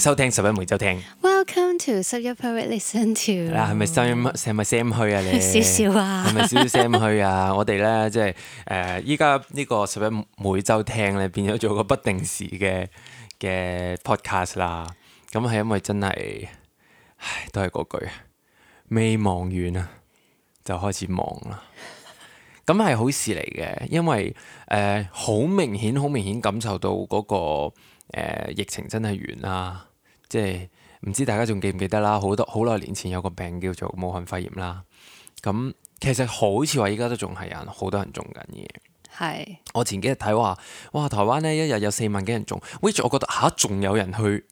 收聽十一每週聽。Welcome to 十一 Private Listen to 是是。嗱，係咪 Sam？咪 Sam 去啊？你少少啊？係咪少少 Sam 去啊？ 我哋咧即係誒，依、呃、家呢個十一每週聽咧變咗做個不定時嘅嘅 podcast 啦。咁、嗯、係因為真係，唉，都係嗰句，未忙完啊，就開始忙啦。咁係 好事嚟嘅，因為誒好、呃、明顯，好明顯感受到嗰、那個、呃、疫情真係完啦。嗯。即係唔知大家仲記唔記得啦？好多好耐年前有個病叫做武漢肺炎啦。咁其實好似話依家都仲係有人，好多人中緊嘅。係是。我前幾日睇話，哇！台灣呢一日有四萬幾人中。which 我覺得嚇仲、啊、有人去。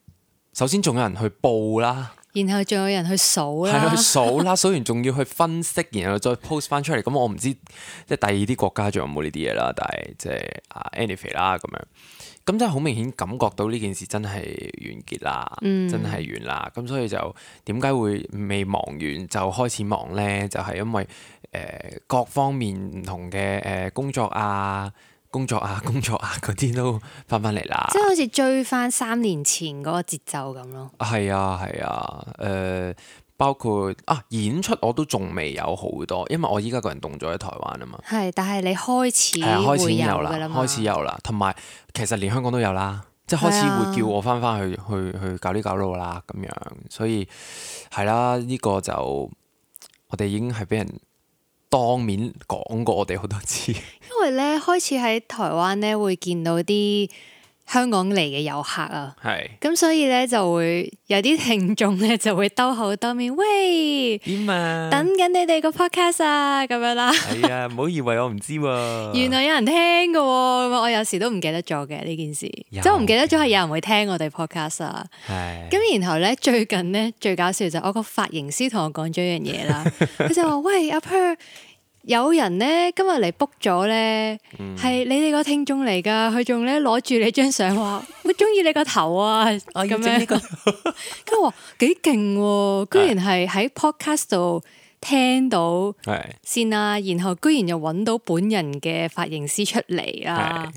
首先仲有人去報啦，然後仲有人去數啦，係啦數啦， 數完仲要去分析，然後再 post 翻出嚟。咁我唔知即係第二啲國家仲有冇呢啲嘢啦，但係即係啊 anyway 啦咁樣。咁真係好明顯感覺到呢件事真係完結啦，嗯、真係完啦。咁所以就點解會未忙完就開始忙呢？就係、是、因為誒、呃、各方面唔同嘅誒工作啊、工作啊、工作啊嗰啲、啊、都翻返嚟啦。即係好似追翻三年前嗰個節奏咁咯。係啊，係啊，誒、呃。包括啊，演出我都仲未有好多，因為我依家個人動咗喺台灣啊嘛。係，但係你開始係開始有啦，嗎開始有啦。同埋其實連香港都有啦，即係開始會叫我翻翻去的去去搞啲搞路啦咁樣。所以係啦，呢個就我哋已經係俾人當面講過我哋好多次。因為咧，開始喺台灣咧會見到啲香港嚟嘅遊客啊，咁是所以咧就會有啲聽眾咧就會兜口兜面，喂，點啊，等緊你哋個 podcast 啊，咁樣啦。係啊，唔好以為我唔知喎、啊。 原來有人聽嘅、啊，咁我有時都唔記得咗嘅呢件事。即係唔記得咗，係有人會聽我哋 podcast 啊。係是。咁然後咧最近咧最搞笑就我個髮型師同我講咗一樣嘢啦，佢 就話喂阿、啊 Per 有人咧今日嚟 book 咗咧，係你哋個聽眾嚟噶，佢仲咧攞住你張相話，我中意你個頭啊咁樣，跟住話幾勁，居 然係喺 podcast 度聽到先啊，然後居然又揾到本人嘅髮型師出嚟啊，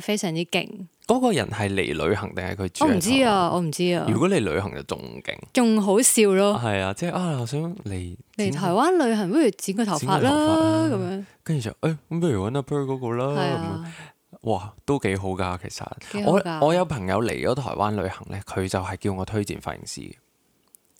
非常之勁。嗰個人係嚟旅行定係佢住？我唔知啊，我唔知啊。如果你旅行就仲勁，仲好笑咯。係啊，即係啊，想嚟嚟台灣旅行，不如剪個頭髮啦咁、啊、樣。跟住就誒咁，欸、不如揾阿 Per 嗰個啦。哇、啊，都幾好噶、啊，其實我我有朋友嚟咗台灣旅行咧，佢就係叫我推薦髮型師。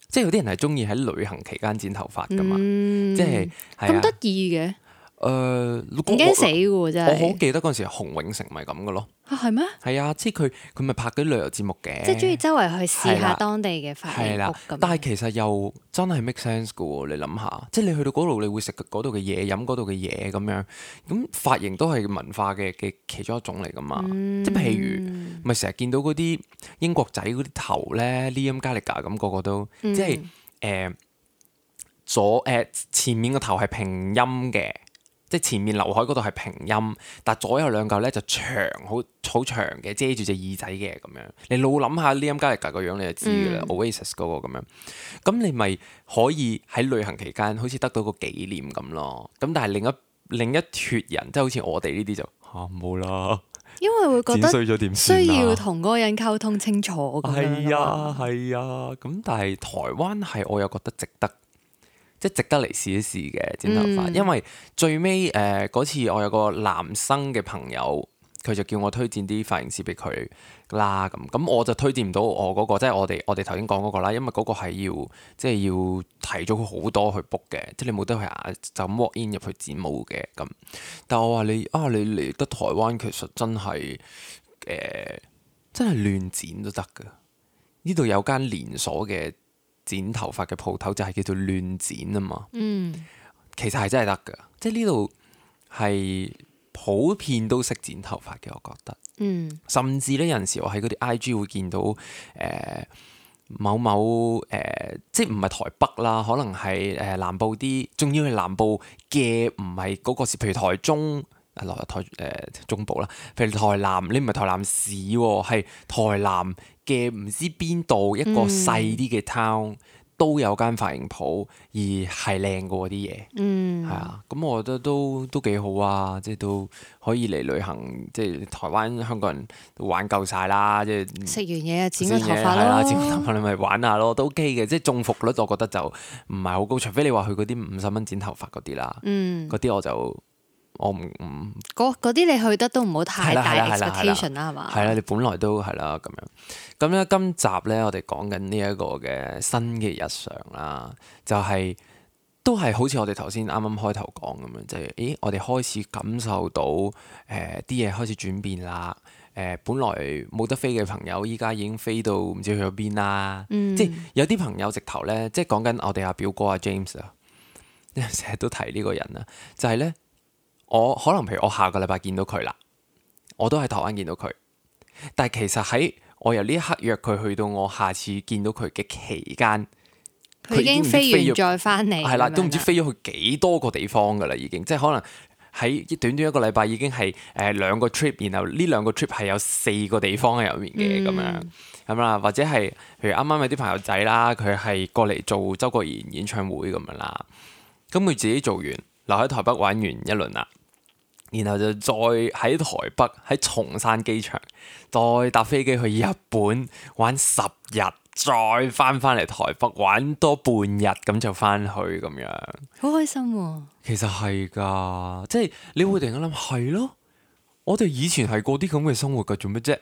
即係有啲人係中意喺旅行期間剪頭髮噶嘛，嗯嗯、即係咁得意嘅。誒，好驚、呃、死喎！我真係的我好記得嗰陣時，洪永城咪咁嘅咯。啊，係咩？係啊，即係佢佢咪拍嗰啲旅遊節目嘅，即係中意周圍去試下當地嘅髮型。係啦，但係其實又真係 make sense 嘅喎、哦，你諗下，即係你去到嗰度，你會食嗰度嘅嘢，飲嗰度嘅嘢，咁樣咁髮型都係文化嘅嘅其中一種嚟㗎嘛。即係譬如，咪成日見到嗰啲英國仔嗰啲頭咧，Liam Gallagher 咁，個、um, 個都、嗯、即係誒左誒前面個頭係平音嘅。即係前面劉海嗰度係平音，但左右兩舊咧就長好好長嘅遮住隻耳仔嘅咁樣，你腦諗下 Liam Gallagher 個樣你就知啦，Oasis 嗰個咁樣，咁你咪可以喺旅行期間好似得到個紀念咁咯。咁但係另一另一脫人即係好似我哋呢啲就吓冇啦，啊、因為會覺得需要同嗰個人溝通清楚。係啊係啊，咁、啊啊、但係台灣係我又覺得值得。即值得嚟試一試嘅剪頭髮，嗯、因為最尾誒嗰次我有個男生嘅朋友，佢就叫我推薦啲髮型師俾佢啦咁，咁我就推薦唔到我嗰、嗰個，即係我哋我哋頭先講嗰個啦，因為嗰個係要即係要提早好多去 book 嘅，即係你冇得去啊就咁 walk in 入去剪毛嘅咁。但係我話你啊，你嚟得台灣其實真係誒、呃、真係亂剪都得㗎，呢度有間連鎖嘅。剪頭髮嘅鋪頭就係叫做亂剪啊嘛，嗯，其實係真係得㗎，即係呢度係普遍都識剪頭髮嘅，我覺得，嗯，甚至呢，有陣時我喺嗰啲 I G 會見到誒、呃、某某誒、呃，即係唔係台北啦，可能係誒、呃、南部啲，仲要係南部嘅唔係嗰個時，譬如台中落落、呃、台誒、呃、中部啦，譬如台南，你唔係台南市喎、啊，係台南。嘅唔知邊度一個細啲嘅 town、嗯、都有間髮型鋪而係靚過啲嘢，係啊、嗯，咁我覺得都都幾好啊！即係都可以嚟旅行，即係台灣香港人玩夠晒啦！即係食完嘢啊，剪個頭髮咯，剪個頭髮你咪玩下咯，都 OK 嘅。即係中伏率我覺得就唔係好高，除非你話去嗰啲五十蚊剪頭髮嗰啲啦，嗰啲、嗯、我就。我唔唔，嗰啲你去得都唔好太大 expectation 啦，係嘛？係啦，你本來都係啦咁樣。咁咧，今集咧，我哋講緊呢一個嘅新嘅日常啦，就係、是、都係好似我哋頭先啱啱開頭講咁樣，就係、是，咦，我哋開始感受到誒，啲、呃、嘢開始轉變啦。誒、呃，本來冇得飛嘅朋友，依家已經飛到唔知去咗邊啦。嗯、即係有啲朋友直頭咧，即係講緊我哋阿表哥阿 James 啊，成日都提呢個人啦，就係、是、咧。我可能譬如我下個禮拜見到佢啦，我都喺台灣見到佢，但係其實喺我由呢一刻約佢去到我下次見到佢嘅期間，佢已經飛完再翻嚟，係啦，都唔知飛咗去幾多個地方㗎啦，已經即係可能喺短短一個禮拜已經係誒兩個 trip，然後呢兩個 trip 係有四個地方喺入面嘅咁、嗯、樣，咁啦，或者係譬如啱啱有啲朋友仔啦，佢係過嚟做周國賢演唱會咁樣啦，咁佢自己做完留喺台北玩完一輪啦。然後就再喺台北喺松山機場再搭飛機去日本玩十日，再翻翻嚟台北玩多半日，咁就翻去咁樣。好開心、哦，其實係噶，即係你會突然間諗，係咯、嗯，我哋以前係過啲咁嘅生活噶，做咩啫？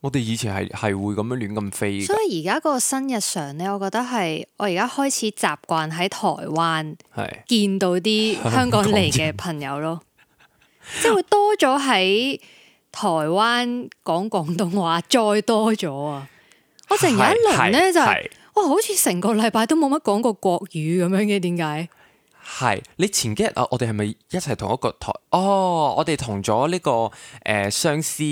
我哋以前係係會咁樣亂咁飛。所以而家個新日常呢，我覺得係我而家開始習慣喺台灣係見到啲香港嚟嘅朋友咯。 即係會多咗喺台灣講廣東話，再多咗啊！是我成日一輪咧就係，哇，好似成個禮拜都冇乜講過國語咁樣嘅，點解？係你前幾日啊，我哋係咪一齊同一個台？哦，我哋同咗呢、這個誒相、呃、思。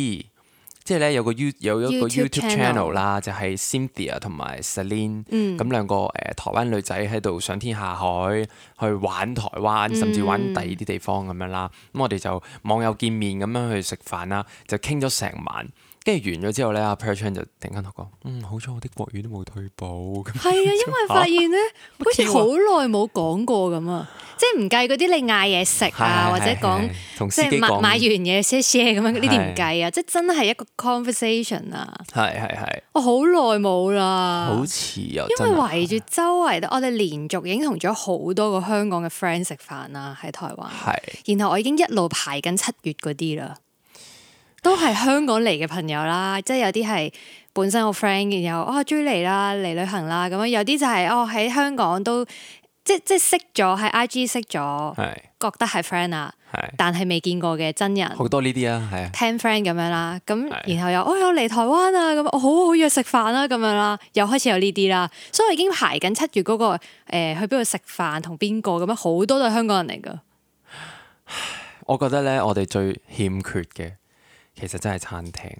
即係咧有個 You 有一個 YouTube channel, YouTube channel 啦、嗯，就係 Cynthia 同埋 Selene 咁兩個誒台灣女仔喺度上天下海去玩台灣，甚至玩第二啲地方咁樣啦。咁、嗯、我哋就網友見面咁樣去食飯啦，就傾咗成晚。跟住完咗之後咧，阿 Perchan 就突然間同我講：嗯，好彩我啲國語都冇退步。係啊，因為發現咧，好似好耐冇講過咁啊！即係唔計嗰啲你嗌嘢食啊，或者講即係買完嘢 say say 咁樣，呢啲唔計啊！即係真係一個 conversation 啊！係係係，我好耐冇啦，好似啊。因為圍住周圍，我哋連續已經同咗好多個香港嘅 friend 食飯啦，喺台灣。係，然後我已經一路排緊七月嗰啲啦。都係香港嚟嘅朋友啦，即係有啲係本身好 friend，然後啊追嚟啦嚟旅行啦，咁樣有啲就係、是、哦喺香港都即即識咗喺 IG 識咗，係是覺得係 friend 啊，是但係未見過嘅真人，好多呢啲啊，係啊聽 friend 咁樣啦，咁是然後又哦我嚟台灣啊，咁我好好約食飯啦，咁、啊、樣啦，又開始有呢啲啦，所以我已經排緊七月嗰、那個誒、呃、去邊度食飯同邊個咁樣，好多都係香港人嚟噶。我覺得咧，我哋最欠缺嘅。其實真係餐廳，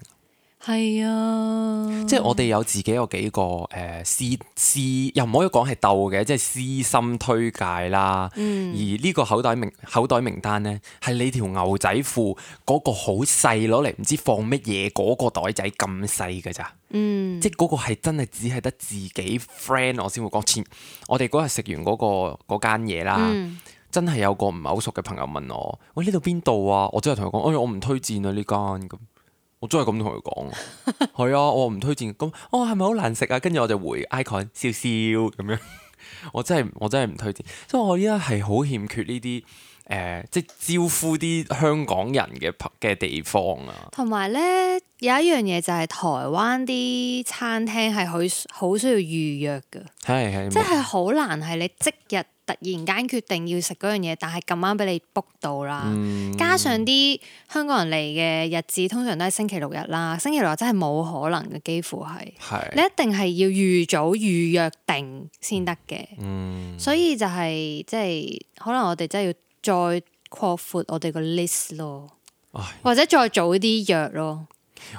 係啊，即係我哋有自己有幾個誒私私，呃、C, C, 又唔可以講係斗嘅，即係私心推介啦。嗯、而呢個口袋名口袋名單呢，係你條牛仔褲嗰個好細攞嚟，唔知放乜嘢嗰個袋仔咁細㗎咋？嗯、即係嗰個係真係只係得自己 friend 我先會講錢。我哋嗰日食完嗰、那個嗰間嘢啦。真係有個唔係好熟嘅朋友問我，喂呢度邊度啊？我真係同佢講，哎我唔推薦啊呢間咁，我真係咁同佢講，係 啊我唔推薦。咁哦，係咪好難食啊？跟住我就回 icon 笑笑咁樣，我真係我真係唔推薦。即係我依家係好欠缺呢啲誒，即係招呼啲香港人嘅嘅地方啊。同埋呢，有一樣嘢就係台灣啲餐廳係好好需要預約㗎，係係，即係好難係你即日。突然間決定要食嗰樣嘢，但係咁啱俾你 book 到啦。嗯、加上啲香港人嚟嘅日子，通常都係星期六日啦。星期六日真係冇可能嘅，幾乎係。是 你一定係要預早預約定先得嘅。嗯、所以就係即係可能我哋真係要再擴闊我哋個 list 咯，唉 或者再早啲約咯。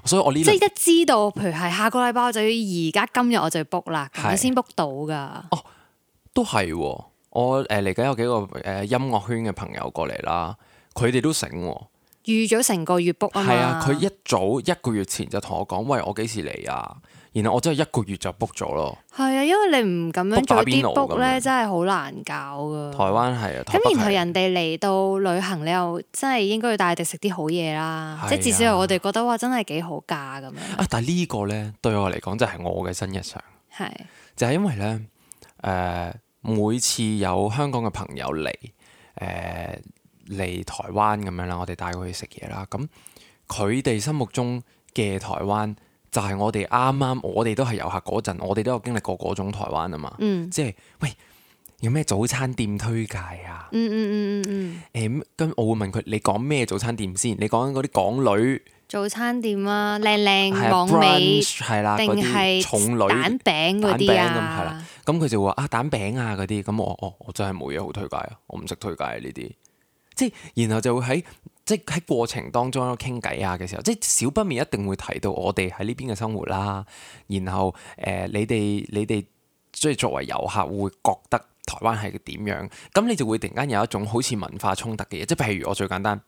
所以我呢即係一知道，譬如係下個禮拜，我就要而家今日我就要 book 啦，咁先 book 到噶。哦，都係。我誒嚟緊有幾個誒、呃、音樂圈嘅朋友過嚟啦，佢哋都醒預咗成個月 book 啊嘛。係啊，佢一早一個月前就同我講：喂，我幾時嚟啊？然後我真係一個月就 book 咗咯。係啊，因為你唔咁樣做啲 book 咧，真係好難搞噶，啊。台灣係啊。咁然後人哋嚟到旅行，你又真係應該要帶佢哋食啲好嘢啦。啊，即至少我哋覺得哇，真係幾好架咁樣。啊！但係呢個咧對我嚟講就係我嘅新日常。係是。就係因為咧，誒。呃呃每次有香港嘅朋友嚟，誒、呃、嚟台灣咁樣啦，我哋帶佢去食嘢啦。咁佢哋心目中嘅台灣就係、係、我哋啱啱我哋都係遊客嗰陣，我哋都有經歷過嗰種台灣啊嘛。嗯、即係即係喂，有咩早餐店推介啊？嗯嗯嗯嗯嗯。誒咁，我會問佢你講咩早餐店先？你講緊嗰啲港女。早餐店啊，靚靚網美，係啦嗰啲重女蛋餅嗰啲啊，咁佢、嗯、就話啊蛋餅啊嗰啲，咁我哦我真係冇嘢好推介啊，我唔識推介呢啲，即係然後就會喺即係喺過程當中傾偈啊嘅時候，即係少不免一定會提到我哋喺呢邊嘅生活啦。然後誒、呃、你哋你哋即係作為遊客會,會覺得台灣係點樣？咁、嗯、你就會突然間有一種好似文化衝突嘅嘢，即係譬如我最簡單，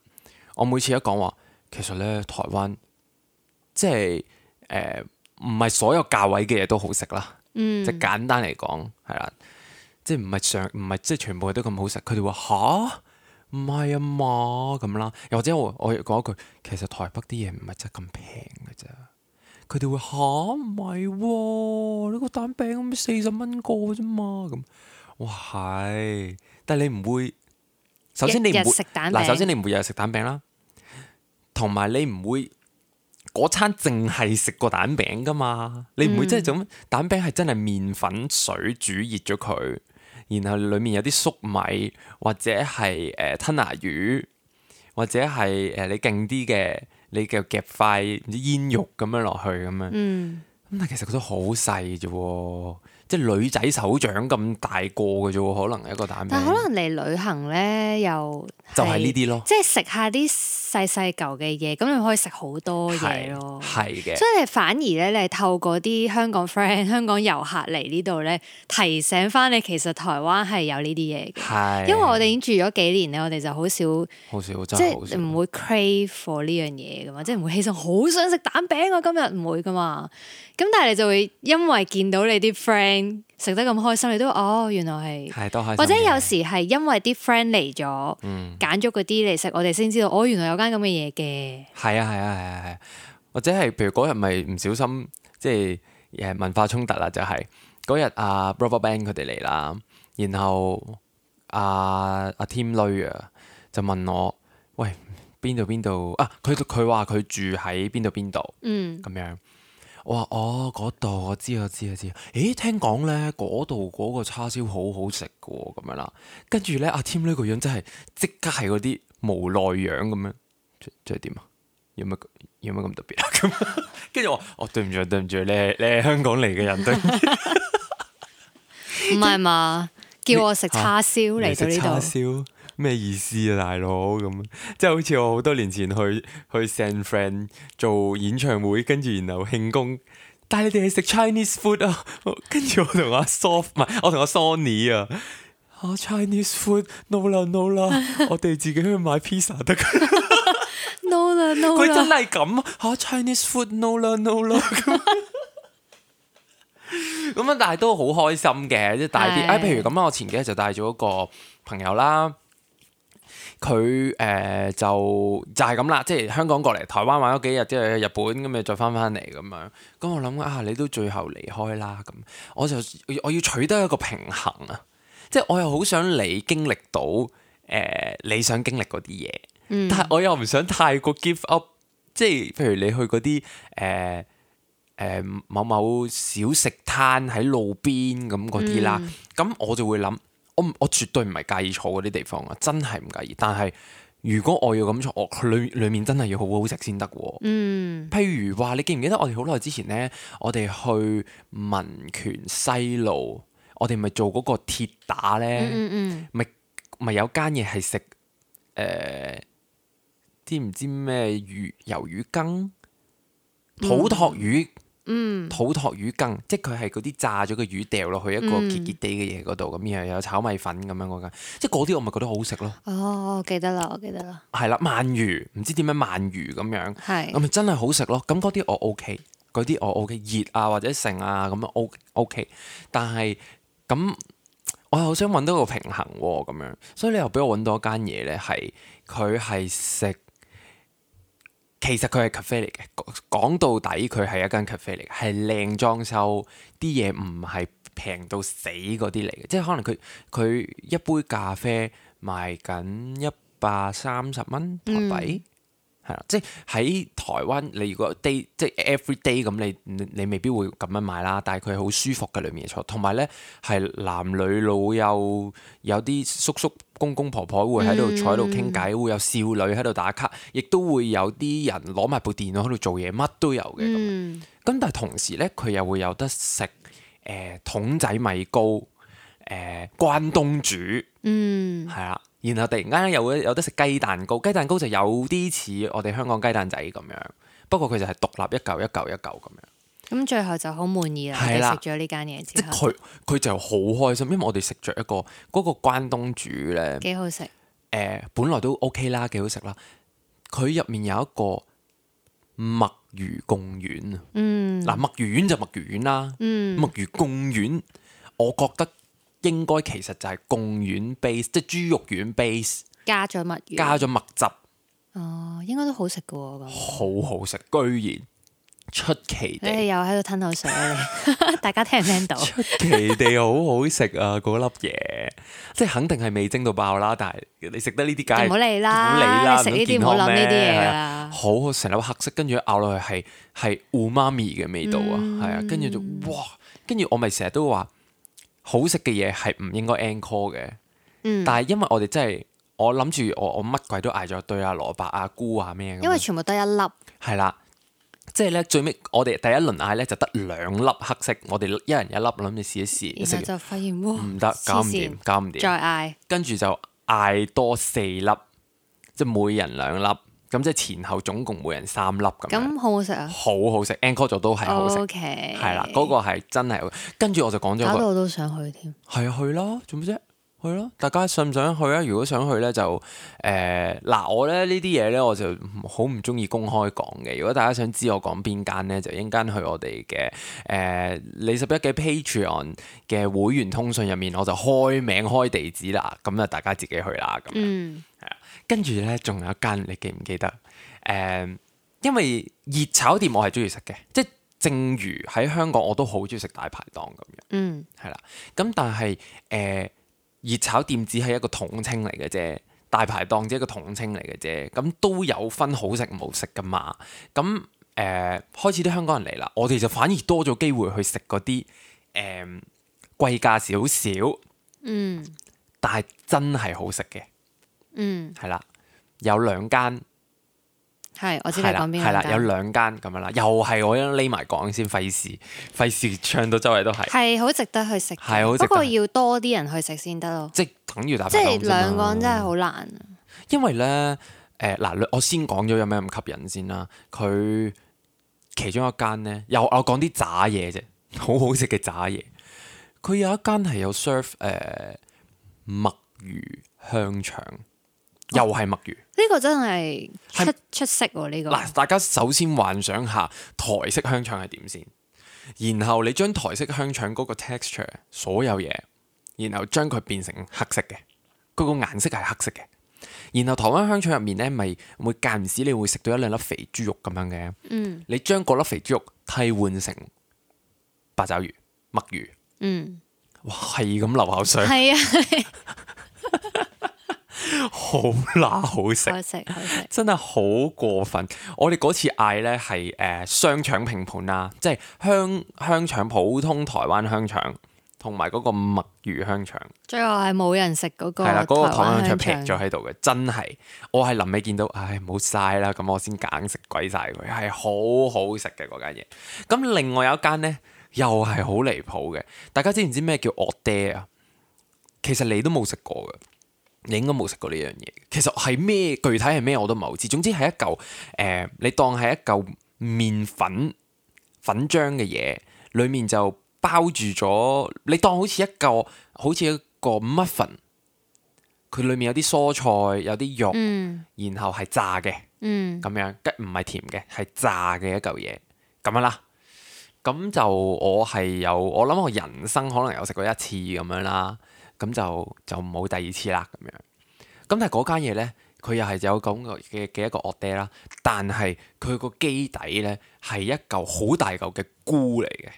我每次一講話。其實咧，台灣即係誒，唔係所有價位嘅嘢都好食啦。嗯，即係簡單嚟講，係啦，即係唔係上唔係即係全部嘢都咁好食。佢哋話吓，唔係啊嘛咁啦。又或者我我講一句，其實台北啲嘢唔係真咁平嘅啫。佢哋會吓，唔係喎，你個蛋餅咁四十蚊個啫嘛咁。哇，係，但係你唔會，首先你唔會嗱，首先你唔會日日食蛋餅啦。同埋你唔會嗰餐淨係食個蛋餅噶嘛？你唔會真係咁，嗯、蛋餅係真係麵粉水煮熱咗佢，然後裏面有啲粟米或者係誒，呃、吞拿魚，或者係誒你勁啲嘅，你又夾塊唔知煙肉咁樣落去咁樣。咁，嗯、但其實佢都好細啫，即係女仔手掌咁大個嘅啫，可能一個蛋餅。但可能嚟旅行咧，又就係呢啲咯，即係食下啲。細細舊嘅嘢，咁你可以食好多嘢咯。係嘅，所以你反而咧，你係透過啲香港 friend、香港遊客嚟呢度咧，提醒翻你，其實台灣係有呢啲嘢嘅。係，因為我哋已經住咗幾年咧，我哋就好少，好少，真係好少，唔會 crave for 呢樣嘢噶嘛，即係唔會起身好想食蛋餅啊，今日唔會噶嘛。咁但係你就會因為見到你啲 friend。食得咁開心，你都哦，原來係，開心或者有時係因為啲 friend 嚟咗，揀咗嗰啲嚟食，我哋先知道哦，原來有間咁嘅嘢嘅。係啊，係啊，係啊，係啊，或者係譬如嗰日咪唔小心，即係誒文化衝突啦，就係嗰日阿 Brother Ben 佢哋嚟啦，然後阿阿 Tim 女啊，啊 Team、er、就問我，喂邊度邊度啊？佢佢話佢住喺邊度邊度，嗯咁樣。我話，哦，嗰度我知我知我知，誒聽講咧嗰度嗰個叉燒好好食嘅喎，咁樣啦，跟住咧阿添呢個樣真係即刻係嗰啲無奈樣咁樣，樣樣樣即係點啊？有乜有乜咁特別啊？咁跟住我，我、哦、對唔住對唔住你咧，你係香港嚟嘅人對，唔係嘛？叫我食叉燒嚟食呢度。咩意思啊，大佬咁？即係好似我好多年前去去 San Fran 做演唱會，跟住然後慶功，帶你哋去食 Chinese food 啊？跟住我同阿 s o f 唔、啊、係，我同阿 Sony 啊，嚇、啊、Chinese food，no 啦 no 啦，我哋自己去買 pizza 得噶。No 啦 no 啦，佢真係咁啊！Chinese food，no 啦 no 啦咁。咁啊，但係都好開心嘅，即係大啲。哎，譬如咁啊，我前幾日就帶咗一個朋友啦。佢誒、呃、就就係咁啦，即係香港過嚟，台灣玩咗幾日，即係日本咁咪再翻翻嚟咁樣。咁我諗啊，你都最後離開啦咁，我就我要取得一個平衡啊，即係我又好想你經歷到誒、呃、你想經歷嗰啲嘢，嗯、但係我又唔想太過 give up，即係譬如你去嗰啲誒誒某某小食攤喺路邊咁嗰啲啦，咁、嗯、我就會諗。我我絕對唔係介意坐嗰啲地方啊，真係唔介意。但係如果我要咁坐，我裏裏面真係要好好食先得喎。嗯。譬如話，你記唔記得我哋好耐之前呢？我哋去民權西路，我哋咪做嗰個鐵打呢？咪咪、嗯嗯嗯、有間嘢係食誒，知唔知咩魚？魷魚羹、土魠魚。嗯嗯，土托魚羹，即係佢係嗰啲炸咗嘅魚掉落去一個結結地嘅嘢嗰度，咁然後有炒米粉咁樣嗰間，即係嗰啲我咪覺得好食咯。哦，我記得啦，我記得啦。係啦，鰻魚唔知點樣鰻魚咁樣，咁咪是真係好食咯。咁嗰啲我 OK，嗰啲我 OK，熱啊或者勝啊咁樣 OK，OK 但係咁我好想揾到個平衡喎、啊、咁樣，所以你又俾我揾到一間嘢咧，係佢係食。其實佢係 cafe 嚟嘅，講到底佢係一間 cafe 嚟嘅，係靚裝修，啲嘢唔係平到死嗰啲嚟嘅，即係可能佢佢一杯咖啡賣緊一百三十蚊台幣。嗯係啦，即係喺台灣，你如果 day 即係 every day 咁，你你你未必會咁樣買啦。但係佢好舒服嘅裏面嘅坐，同埋咧係男女老幼，有啲叔叔公公婆婆會喺度坐喺度傾偈，嗯、會有少女喺度打卡，亦都會有啲人攞埋部電腦喺度做嘢，乜都有嘅。咁，咁但係同時咧，佢又會有得食誒筒仔米糕。誒、呃、關東煮，嗯，係啦，然後突然間又有嘅有得食雞蛋糕，雞蛋糕就有啲似我哋香港雞蛋仔咁樣，不過佢就係獨立一嚿一嚿一嚿咁樣。咁、嗯、最後就好滿意啦，食咗呢間嘢之後。佢佢就好開心，因為我哋食咗一個嗰、嗰個關東煮咧，幾好食。誒、呃，本來都 OK 啦，幾好食啦。佢入面有一個墨魚貢丸，嗯，嗱墨、啊、魚丸就墨魚丸啦，墨魚貢丸，我覺得。嗯嗯應該其實就係貢丸 base，即係豬肉丸 base，加咗麥，加咗麥汁，哦，應該都好食噶，咁好好食，居然出奇地你又喺度吞口水，大家聽唔聽到？出奇地好好食啊！嗰粒嘢，即係肯定係味精到爆啦。但係你食得呢啲，梗係唔好理啦，唔好理啦，食呢啲唔好諗呢啲嘢啊！好成粒黑色，跟住咬落去係係烏媽咪嘅味道啊！係啊，跟住就哇，跟住我咪成日都話。好食嘅嘢係唔應該 anchor 嘅，嗯、但係因為我哋真係我諗住我我乜鬼都嗌咗一堆啊，蘿蔔啊菇啊咩，因為全部得一粒。係啦，即係咧最尾我哋第一輪嗌咧就得兩粒黑色，我哋一人一粒諗住試一試，食後就發現唔得、哦，搞唔掂，搞唔掂，再嗌捱，跟住就嗌多四粒，即係每人兩粒。咁即係前後總共每人三粒咁，咁好好食啊？好好食，anchor Okay,、那個、就都係好食，OK，係啦，嗰個係真係。跟住我就講咗好多，我都想去添。係啊，去咯，做咩啫？去咯，大家想唔想去啊？如果想去咧，就誒嗱，我咧呢啲嘢咧，我就好唔中意公開講嘅。如果大家想知我講邊間咧，就應間去我哋嘅誒李拾壹嘅 Patreon 嘅會員通訊入面，我就開名開地址啦。咁就大家自己去啦咁樣，係啊、嗯。跟住呢，仲有一間，你記唔記得？誒、呃，因為熱炒店我係中意食嘅，即係正如喺香港我都好中意食大排檔咁樣。嗯，係啦。咁但係誒、呃，熱炒店只係一個統稱嚟嘅啫，大排檔只係一個統稱嚟嘅啫。咁都有分好食唔好食噶嘛。咁誒、呃，開始啲香港人嚟啦，我哋就反而多咗機會去食嗰啲誒貴價少少，嗯，但係真係好食嘅。嗯，係啦，有兩間，係，我知你講邊兩間，係啦，有兩間咁樣啦，又係我咧匿埋講先，費事費事唱到周圍都係係好值得去食，係好不過要多啲人去食先得咯，即係等於即係兩個人真係好難、啊，因為咧誒嗱，我先講咗有咩咁吸引先啦，佢其中一間咧，又我講啲炸嘢啫，好好食嘅炸嘢，佢有一間係有 serve 誒墨魚香腸。又係墨魚、哦，呢、這個真係出，是出色喎、哦！呢、這個嗱，大家首先幻想下台式香腸係點先，然後你將台式香腸嗰個 texture 所有嘢，然後將佢變成黑色嘅，佢個顏色係黑色嘅。然後台灣香腸入面呢咪會間唔時你會食到一兩粒肥豬肉咁樣嘅。嗯，你將嗰粒肥豬肉替換成八爪魚、墨魚。嗯，哇，係咁流口水。係啊。 好辣好食， 真係好過分！ 我哋嗰次嗌呢係誒香腸拼盤啦，即係香香腸普通台灣香腸，同埋嗰個墨魚香腸。 最後係冇人食嗰個，係啦嗰個台灣香腸劈咗喺度嘅，真係我係臨尾見到，唉冇晒啦，咁我先揀食鬼晒佢，係好好食嘅嗰間嘢。咁另外有一間呢，又係好離譜嘅，大家知唔知咩叫惡爹啊？其實你都冇食過嘅。你應該冇食過呢樣嘢，其實係咩？具體係咩我都唔係好知。總之係一嚿誒、呃，你當係一嚿麵粉粉漿嘅嘢，裡面就包住咗，你當好似一嚿好似一個 muffin，佢裡面有啲蔬菜，有啲肉，嗯、然後係炸嘅，咁、嗯、樣，唔係甜嘅，係炸嘅一嚿嘢，咁樣啦。咁就我係有，我諗我人生可能有食過一次咁樣啦。咁就就唔好第二次啦咁樣。咁但係嗰間嘢咧，佢又係有咁嘅嘅一個惡爹啦。但係佢個基底咧係一嚿好大嚿嘅菇嚟嘅，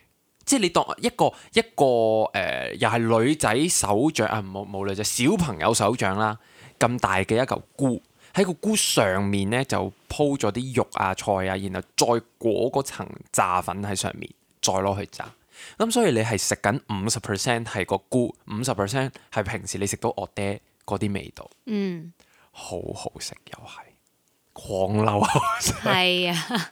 即係你當一個一個誒、呃，又係女仔手掌啊，冇冇女仔小朋友手掌啦咁大嘅一嚿菇，喺個菇上面咧就鋪咗啲肉啊菜啊，然後再裹嗰層炸粉喺上面，再攞去炸。咁所以你係食緊五十 percent 係個菇，五十 percent 係平時你食到我爹嗰啲味道，嗯，好好食又係，狂流係啊，係啊，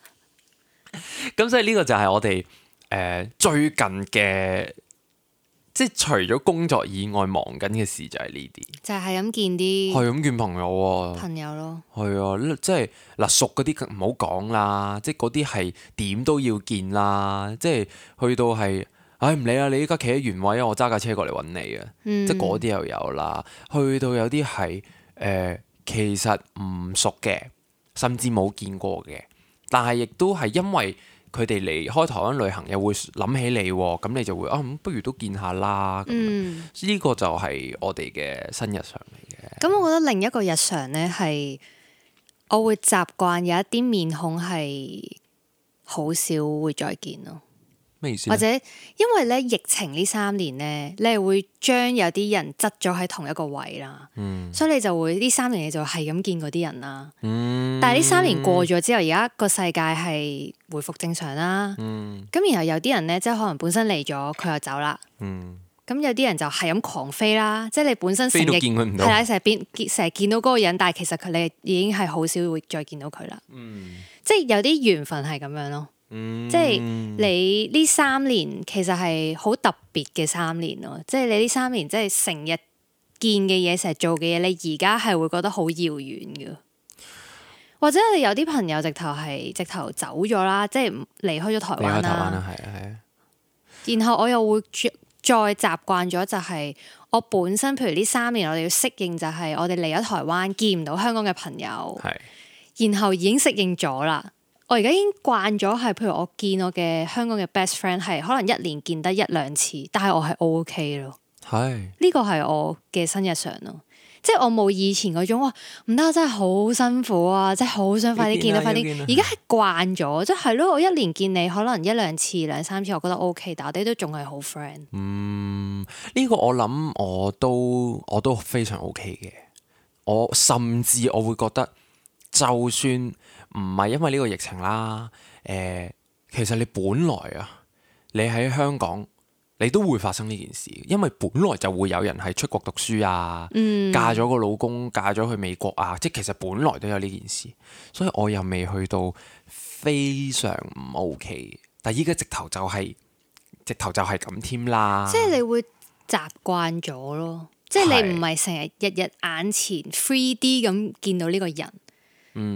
咁所以呢個就係我哋誒、呃、最近嘅。即係除咗工作以外忙緊嘅事，就係呢啲，就係咁見啲係咁見朋友喎、啊，朋友咯，係啊，即係嗱熟嗰啲唔好講啦，即係嗰啲係點都要見啦，即係去到係，唉唔理啦，你依家企喺原位啊，我揸架車過嚟揾你啊，嗯、即係嗰啲又有啦，去到有啲係誒其實唔熟嘅，甚至冇見過嘅，但係亦都係因為。佢哋離開台灣旅行又會諗起你，咁你就會啊，不如都見下啦。呢、嗯呢個就係我哋嘅新日常嚟嘅。咁、嗯、我覺得另一個日常呢，係，我會習慣有一啲面孔係好少會再見咯。或者因為咧疫情呢三年咧，你係會將有啲人執咗喺同一個位啦，嗯、所以你就會呢三年你就係咁見嗰啲人啦。嗯、但係呢三年過咗之後，而家個世界係回復正常啦。咁、嗯、然後有啲人咧，即係可能本身嚟咗佢又走啦。咁、嗯、有啲人就係咁狂飛啦，即係你本身成日見，見，見佢唔到，係啦成日見成日見到嗰個人，但係其實佢你已經係好少會再見到佢啦。嗯、即係有啲緣分係咁樣咯。嗯、即係你呢三年，其實係好特別嘅三年咯。即係你呢三年，即係成日見嘅嘢，成日做嘅嘢，你而家係會覺得好遙遠嘅。或者你有啲朋友直頭係直頭走咗啦，即係離開咗台灣啦。台灣然後我又會再習慣咗、就是，就係 我本身，譬如呢三年，我哋要適應，就係我哋嚟咗台灣，見唔到香港嘅朋友。是然後已經適應咗啦。我而家已經慣咗，係譬如我見我嘅香港嘅 best friend，係可能一年見得一兩次，但係我係 O K 咯。係呢是個係我嘅新日常咯，即係我冇以前嗰種，唔、哦、得，我真係好辛苦啊，真係好想快啲見到，見快啲點。而家係慣咗，即係咯，我一年見你可能一兩次、兩三次，我覺得 O、okay，K，但我哋都仲係好 friend。嗯，呢、這個我諗我都我都非常 O K 嘅，我甚至我會覺得就算。唔係因為呢個疫情啦，誒、呃，其實你本來啊，你喺香港你都會發生呢件事，因為本來就會有人係出國讀書啊，嗯、嫁咗個老公嫁咗去美國啊，即係其實本來都有呢件事，所以我又未去到非常唔 OK，但係依家直頭就係、是、直頭就係咁添啦。即係你會習慣咗咯，即係你唔係成日日日眼前 3D 啲，咁見到呢個人。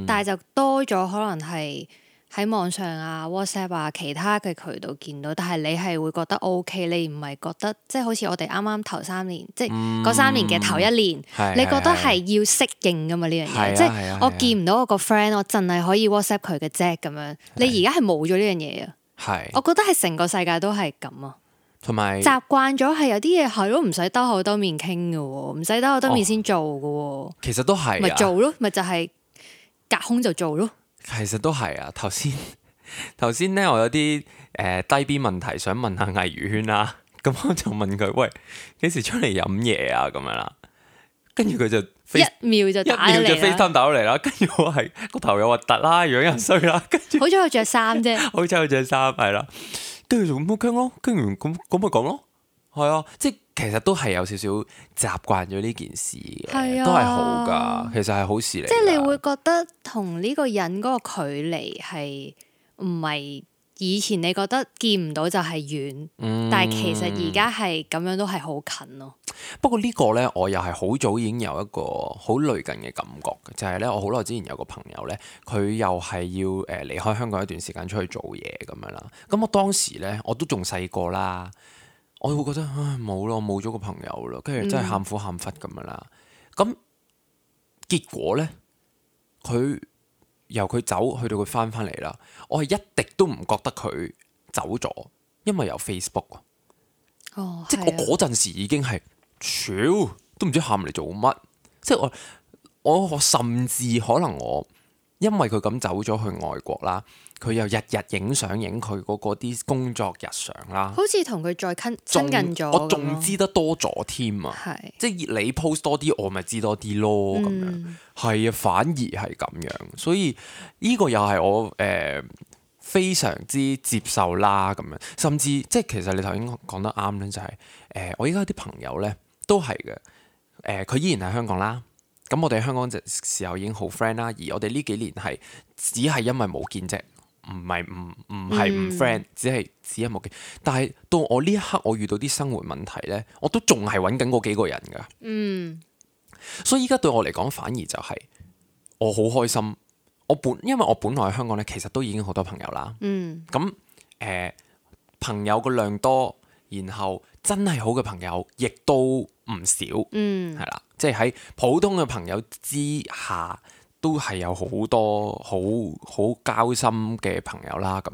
但係就多咗可能係喺網上啊 WhatsApp 啊其他嘅渠道見到，但係你係會覺得 OK，你唔係覺得即係好似我哋啱啱頭三年，即係嗰三年嘅頭一年，你覺得係要適應噶嘛呢樣嘢？即係我見唔到我個 friend，我淨係可以 WhatsApp 佢嘅啫咁樣。你而家係冇咗呢樣嘢啊？係，我覺得係成個世界都係咁啊。同埋習慣咗係有啲嘢係都唔使多好多面傾噶，唔使多好多面先做噶。其實都係咪做咯？咪就係。隔空就做咯，其實都係啊。頭先頭先咧，我有啲誒、呃、低 b 問題想問下魏宇軒啦。咁我就問佢，喂，幾時出嚟飲嘢啊？咁樣啦。跟住，佢就 face，一秒就一秒就 face time 打咗嚟啦。跟住、啊、我係個頭又核突啦，樣又衰啦。跟住好彩佢着衫啫，好彩佢着衫係啦。跟住仲好傾咯，跟住咁咁咪講咯，係啊，即係。其實都係有少少習慣咗呢件事嘅，啊、都係好噶，其實係好事嚟。即係你會覺得同呢個人嗰個距離係唔係以前你覺得見唔到就係遠，嗯、但係其實而家係咁樣都係好近咯。不過呢個呢，我又係好早已經有一個好類近嘅感覺嘅，就係呢。我好耐之前有個朋友呢，佢又係要誒離開香港一段時間出去做嘢咁樣啦。咁我當時呢，我都仲細個啦。我會覺得唉冇咯，冇咗個朋友咯，跟住真係喊苦喊忽咁樣啦。咁、嗯、結果呢，佢由佢走去到佢翻翻嚟啦，我係一滴都唔覺得佢走咗，因為有 Facebook。哦、啊、即係我嗰陣時已經係，超都唔知喊嚟做乜，即係我我甚至可能我因為佢咁走咗去外國啦。佢又日日影相，影佢嗰個啲工作日常啦，好似同佢再近咗。還近我仲知得多咗添啊，是即係你 post 多啲，我咪知多啲咯。咁、嗯、樣係啊，反而係咁樣，所以呢個又係我誒、呃、非常之接受啦。咁樣甚至即係其實你頭先講得啱呢，就係、是、誒、呃、我依家啲朋友呢都係嘅誒，佢、呃、依然喺香港啦。咁我哋喺香港嘅時候已經好 friend 啦，而我哋呢幾年係只係因為冇見啫。唔係唔唔係唔 friend，、嗯、只係只一目嘅。但係到我呢一刻，我遇到啲生活問題咧，我都仲係揾緊嗰幾個人噶。嗯，所以依家對我嚟講，反而就係、是、我好開心。我本因為我本來喺香港咧，其實都已經好多朋友啦。嗯，咁、呃、誒朋友嘅量多，然後真係好嘅朋友亦都唔少。嗯，係啦，即係喺普通嘅朋友之下，都係有好多好好交心嘅朋友啦，咁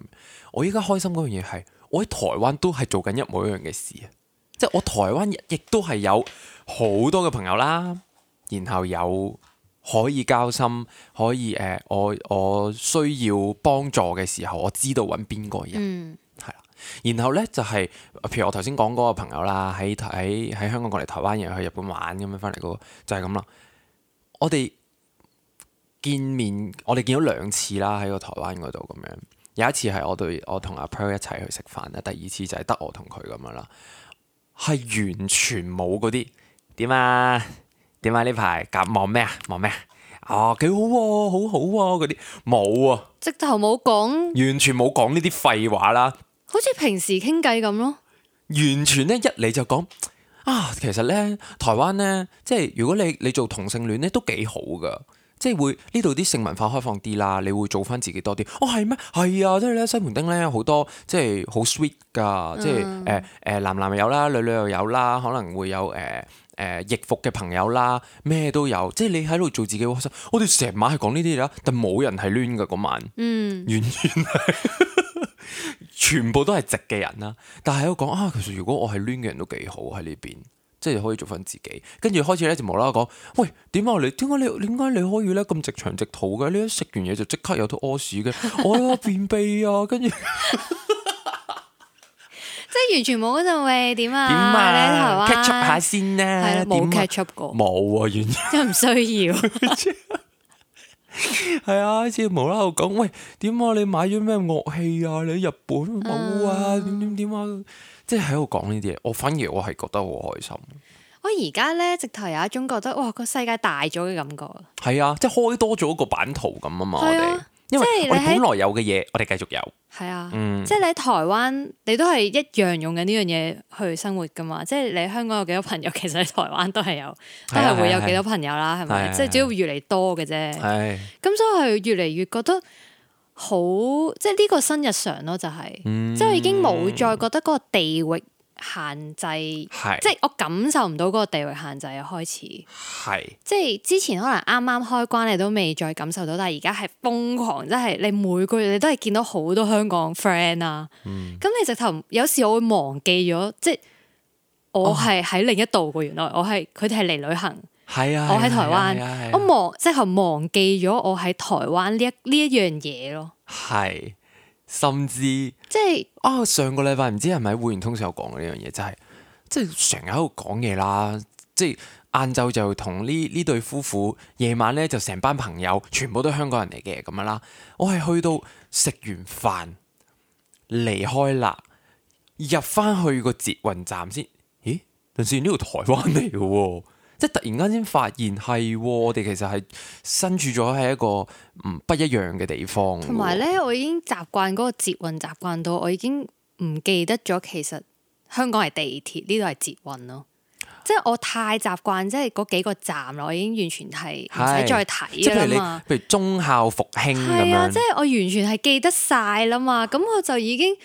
我依家開心嗰樣嘢係，我喺台灣都係做緊一模一樣嘅事啊！即係我台灣亦都係有好多嘅朋友啦，然後有可以交心，可以誒、呃，我我需要幫助嘅時候，我知道揾邊個人，係啦、嗯。然後呢，就係、是、譬如我頭先講嗰個朋友啦，喺喺喺香港過嚟台灣，然後去日本玩咁、那個就是、樣翻嚟嗰個就係咁啦。我哋。見面我哋見咗兩次啦，喺個台灣嗰度咁樣，有一次係我對我同阿 p r l 一齊去食飯咧，第二次就係得我同佢咁樣啦，係完全冇嗰啲點啊點啊呢排夾望咩啊望咩啊哦幾好好好啊嗰啲冇啊，直頭冇講，完全冇講呢啲廢話啦，好似平時傾偈咁咯，完全咧一嚟就講啊，其實咧台灣咧即係如果你你做同性戀咧都幾好噶。即係會呢度啲性文化開放啲啦，你會做翻自己多啲。哦係咩？係啊，即係咧西門町咧好多即係好 sweet 噶，即係誒誒男男又有啦，女女又有啦，可能會有誒誒易服嘅朋友啦，咩都有。即係你喺度做自己好開心。我哋成晚係講呢啲嘢啦，但冇人係攣嘅嗰晚，嗯遠遠，完全係全部都係直嘅人啦。但係我講啊，其實如果我係攣嘅人都幾好喺呢邊。即係可以做翻自己，跟住開始咧就無啦啦講：喂，點啊你？點解你？點解你可以咧咁直腸直肚嘅？你一食完嘢就即刻有套屙屎嘅，我、 哎、便秘啊！跟住，即係完全冇嗰陣味，點、欸、啊？點啊？check 下先啦、啊，冇啊，check check 過，冇啊來，完全真係唔需要。係啊，開始無啦啦講：喂，點啊？你買咗咩樂器啊？你喺日本冇啊？點點點啊？即係喺度講呢啲嘢，我反而我係覺得好開心。我而家咧，直頭有一種覺得哇，個世界大咗嘅感覺。係啊，即係開多咗個版圖咁啊嘛，我哋、啊，因為即你本來有嘅嘢，我哋繼續有。係啊，嗯、即係你喺台灣，你都係一樣用緊呢樣嘢去生活噶嘛。即係你喺香港有幾多朋友，其實喺台灣都係有，都係會有幾多朋友啦，係咪、啊？即係只要越嚟越多嘅啫。係、啊。咁、啊、所以佢越嚟越覺得。好，即係呢個新日常咯、就係，就係、嗯，即係已經冇再覺得嗰個地域限制，是即係我感受唔到嗰個地域限制嘅開始。係是，即係之前可能啱啱開關你都未再感受到，但係而家係瘋狂，即係你每個月你都係見到好多香港 friend 啦、啊。咁、嗯、你直頭有時我會忘記咗，即係我係喺另一度嘅，哦、原來我係佢哋係嚟旅行。係啊！我喺台灣，啊啊啊、我忘即係忘記咗我喺台灣呢一呢一樣嘢咯。係，甚至即係是啊！上個禮拜唔知係咪會員通常有講嘅呢樣嘢，就係即係成日喺度講嘢啦。即係晏晝就同呢呢對夫婦，夜晚咧就成班朋友，全部都係香港人嚟嘅咁樣啦。我係去到食完飯離開啦，入翻去個捷運站先，咦？突然呢度台灣嚟喎。即係突然間先發現係、哦，我哋其實係身處咗喺一個唔不一樣嘅地方。同埋咧，我已經習慣嗰個捷運，習慣到我已經唔記得咗其實香港係地鐵，呢度係捷運咯。即係我太習慣，即係嗰幾個站咯，我已經完全係唔使再睇。即係譬如你，譬如忠孝復興咁、啊、樣，即係我完全係記得晒啦嘛。咁我就已經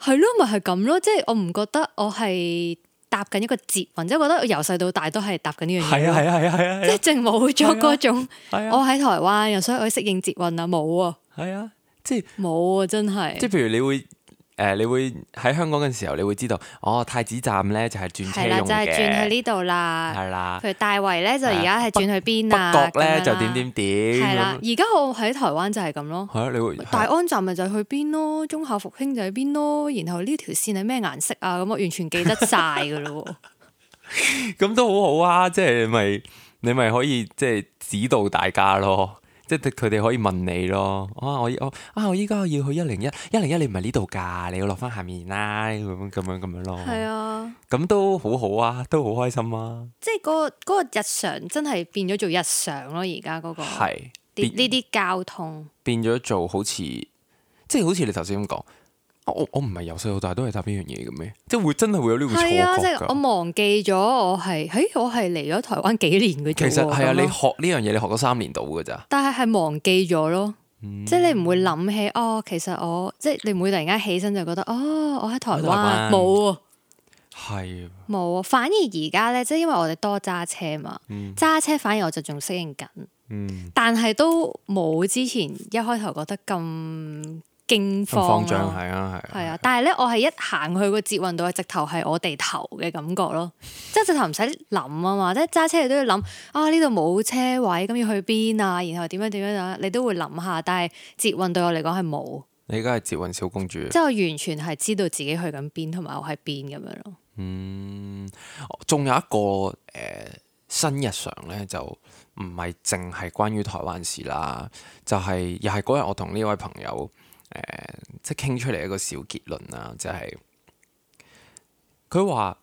係咯，咪係咁咯。即係我唔覺得我係。搭緊一個捷運，即係覺得我由細到大都係搭緊呢樣嘢，係啊係啊係啊係啊，即係淨冇咗嗰種。我喺台灣，又所以適應捷運啊，冇啊。係啊，即係冇啊，真係。即係譬如你會。誒、呃，你會喺香港嘅時候，你會知道哦，太子站咧就係轉車用嘅，係啦，就係轉去呢度啦，係啦，譬如大圍咧就而家係轉去邊啊，北角咧就點點點，係啊，而家我喺台灣就係咁咯，係啊，你會大安站咪就去邊咯，忠孝復興就去邊咯，然後呢條線係咩顏色啊，咁我完全記得晒噶咯，咁都好好啊，即係咪你咪可以即係指導大家咯。即係佢哋可以問你咯，啊我啊我啊我依家要去一零一，一零一你唔係呢度㗎，你要落翻下面啦，啊，咁樣咁樣咁樣咯。係啊，咁都好好啊，都好開心啊。即係嗰、嗰個嗰個日常真係變咗做日常咯，而家嗰個係呢呢啲交通變咗做好似，即係好似你頭先咁講。我我唔係由細到大都係搭呢樣嘢嘅咩？即係會真係會有呢個錯覺噶、啊？即係我忘記咗我係，誒我係嚟咗台灣幾年嘅、啊、其實係啊，以你學呢樣嘢，你學咗三年到㗎咋？但係係忘記咗咯，嗯、即係你唔會諗起哦。其實我即係你唔會突然間起身就覺得哦，我喺台灣冇灣啊，係冇是啊，啊。反而而家咧，即係因為我哋多揸車嘛，揸、嗯、車反而我就仲適應緊。嗯、但係都冇之前一開頭覺得咁。勁慌咯、啊，係啊係啊，係啊！但係咧，我係一行去個捷運度，係直頭係我哋頭嘅感覺咯，即係直頭唔使諗啊嘛，即係揸車嚟都要諗啊，呢度冇車位，咁要、啊、去邊啊？然後點樣點樣啊？你都會諗下，但係捷運對我嚟講係冇。你而家係捷運小公主，即係我完全係知道自己去緊邊，同埋我喺邊咁樣咯。嗯，仲有一個誒、呃、新日常咧，就唔係淨係關於台灣事啦，就係又係嗰日我同呢位朋友。誒、呃，即係傾出嚟一個小結論啦，就係佢話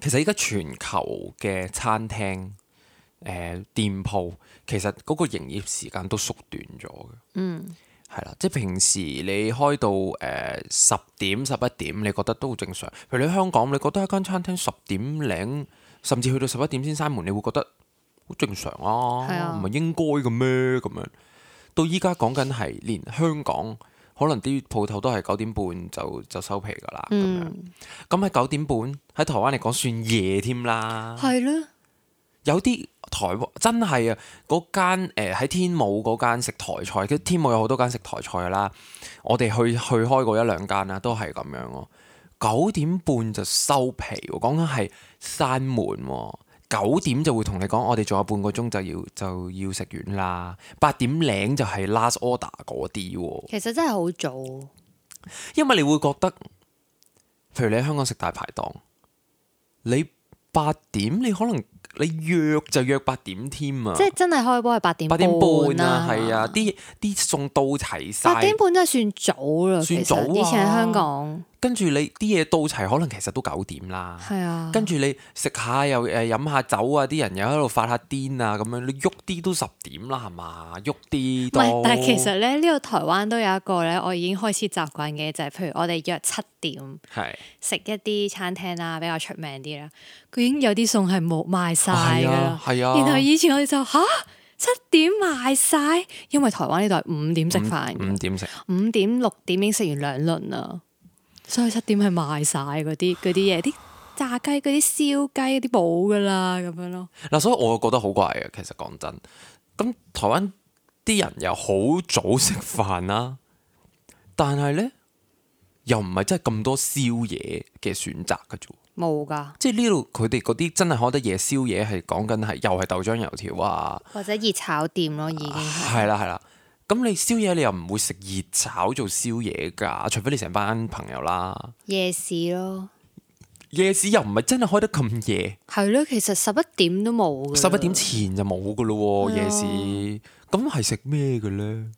其實依家全球嘅餐廳誒店鋪，其實嗰、呃、個營業時間都縮短咗嘅。嗯，係啦，即係平時你開到誒十、呃、點十一點，你覺得都好正常。譬如你喺香港，你覺得一間餐廳十點零，甚至去到十一點先閂門，你會覺得好正常啊，唔係、啊、應該嘅咩？咁樣到依家講緊係連香港。可能啲鋪頭都係九點半就就收皮噶啦，咁、嗯、樣。咁喺九點半喺台灣嚟講算夜添啦。係咯的，有啲台真係啊，嗰間喺、呃、天母嗰間食台菜，跟天母有好多間食台菜噶啦。我哋去去開過一兩間啦，都係咁樣咯。九點半就收皮，講緊係閂門、啊。九點就會同你講，我哋仲有半個鐘就要就要食完啦。八點零就係 last order 嗰啲喎。其實真係好早啊，因為你會覺得，譬如你喺香港食大排檔，你八點你可能你約就約八點添啊。即係真係開波係八點八點半啊，係啊，啲啲送到齊晒。八點半真係算早啦，算早啊，以前喺香港。跟住你啲嘢到齊，可能其實都九點啦。係啊，跟住你食下又誒飲下酒啊，啲人又喺度發下癲啊，咁樣你喐啲都十點啦，係嘛？喐啲。唔係，但係其實咧，呢個台灣都有一個咧，我已經開始習慣嘅就係，譬如我哋約七點，係食一啲餐廳啦，比較出名啲啦。佢已經有啲餸係冇賣晒㗎啦，係啊。然後以前我哋就嚇七點賣晒，因為台灣呢度係五點食飯，五點食，五點六點已經食完兩輪啦。所以七點係賣晒嗰啲啲嘢，啲炸雞、嗰啲燒雞、嗰啲冇噶啦咁樣咯。嗱、啊，所以我覺得好怪嘅，其實講真，咁台灣啲人又好早食飯啦， 但係咧又唔係真係咁多宵夜嘅選擇㗎啫。冇㗎。的。即係呢度佢哋嗰啲真係可得夜宵嘢係講緊係又係豆漿油條啊，或者熱炒店咯，已經係啦係啦。咁你宵夜你又唔會食熱炒做宵夜噶，除非你成班朋友啦。夜市咯，夜市又唔係真係開得咁夜。係咯，其實十一點都冇，十一點前就冇噶咯，了夜市。咁係食咩嘅呢？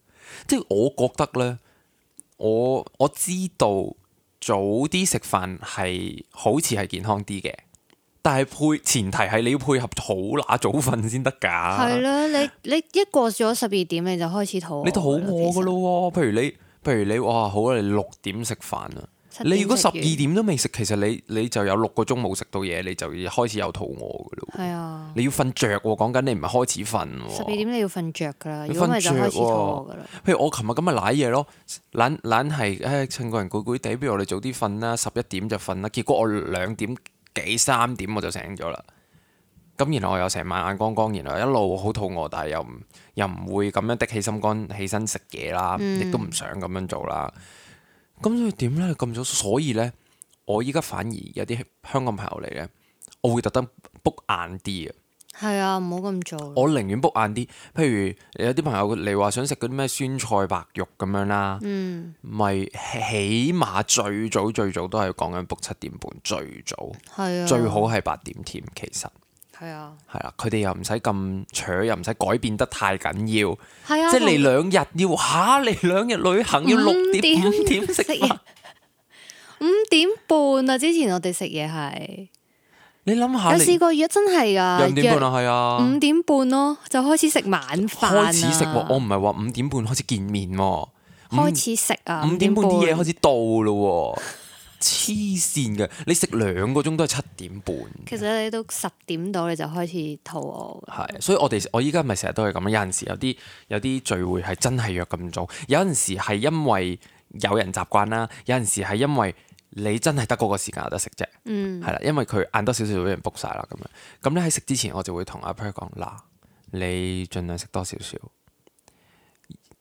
即係我覺得呢，我我知道早啲食飯係好似係健康啲嘅。但係配前提係你要配合肚乸早瞓先得噶。係啦，你你一過咗十二點你就開始肚餓。你肚餓噶咯？譬如你譬如你哇，好啦，你六點食飯啦。你如果十二點都未食，其實你你就有六個鐘冇食到嘢，你就開始有肚餓噶咯。係啊的。你要瞓着喎，講緊你唔係開始瞓。十二點你要瞓着噶啦，要瞓着唔係就開始肚餓㗎噶啦。譬如我琴日咁啊，賴嘢咯，懶懶係誒，趁個人攰攰地，不如我哋早啲瞓啦，十一點就瞓啦。結果我兩點。幾三點我就醒咗啦，咁然後我又成晚眼光光，然後一路好肚餓，但係又唔又唔會咁樣的起心肝起身食嘢啦，嗯、亦都唔想咁樣做啦。咁所以點呢？咁早？所以呢，我依家反而有啲香港朋友嚟呢，我會特登 book 晏啲啊。係啊，唔好咁早。我寧願 book 晏啲，譬如，有啲朋友嚟，話想食嗰啲咩酸菜白肉咁樣啦，咪、嗯、起碼最早最早都係講緊 book 七點半，最早、啊、最好係八點添。其實係啊，係啦、啊，佢哋又唔使咁坐，又唔使改變得太緊要。係啊，即係你兩日要吓你兩日旅行要六點五點食飯，五點 半啊！之前我哋食嘢係。你諗下，有四個月真係噶，幾點半呀？係呀，五點半咯，就開始食晚飯。開始食喎，我唔係話五點半開始見面喎。5, 開始食啊，五點半啲嘢開始到咯，黐線嘅，你食兩個鐘都係七點半。其實你都十點到你就開始肚餓。係，所以我哋我依家咪成日都係咁咯，有陣時有啲有啲聚會係真係約咁早，有陣時係因為有人習慣啦，有陣時係因為。你真係得嗰個時間有得食啫，係啦、嗯，因為佢晏多少少就俾人 book 曬啦咁樣。咁咧喺食之前，我就會同阿 Per 講嗱，你儘量食多少少。誒、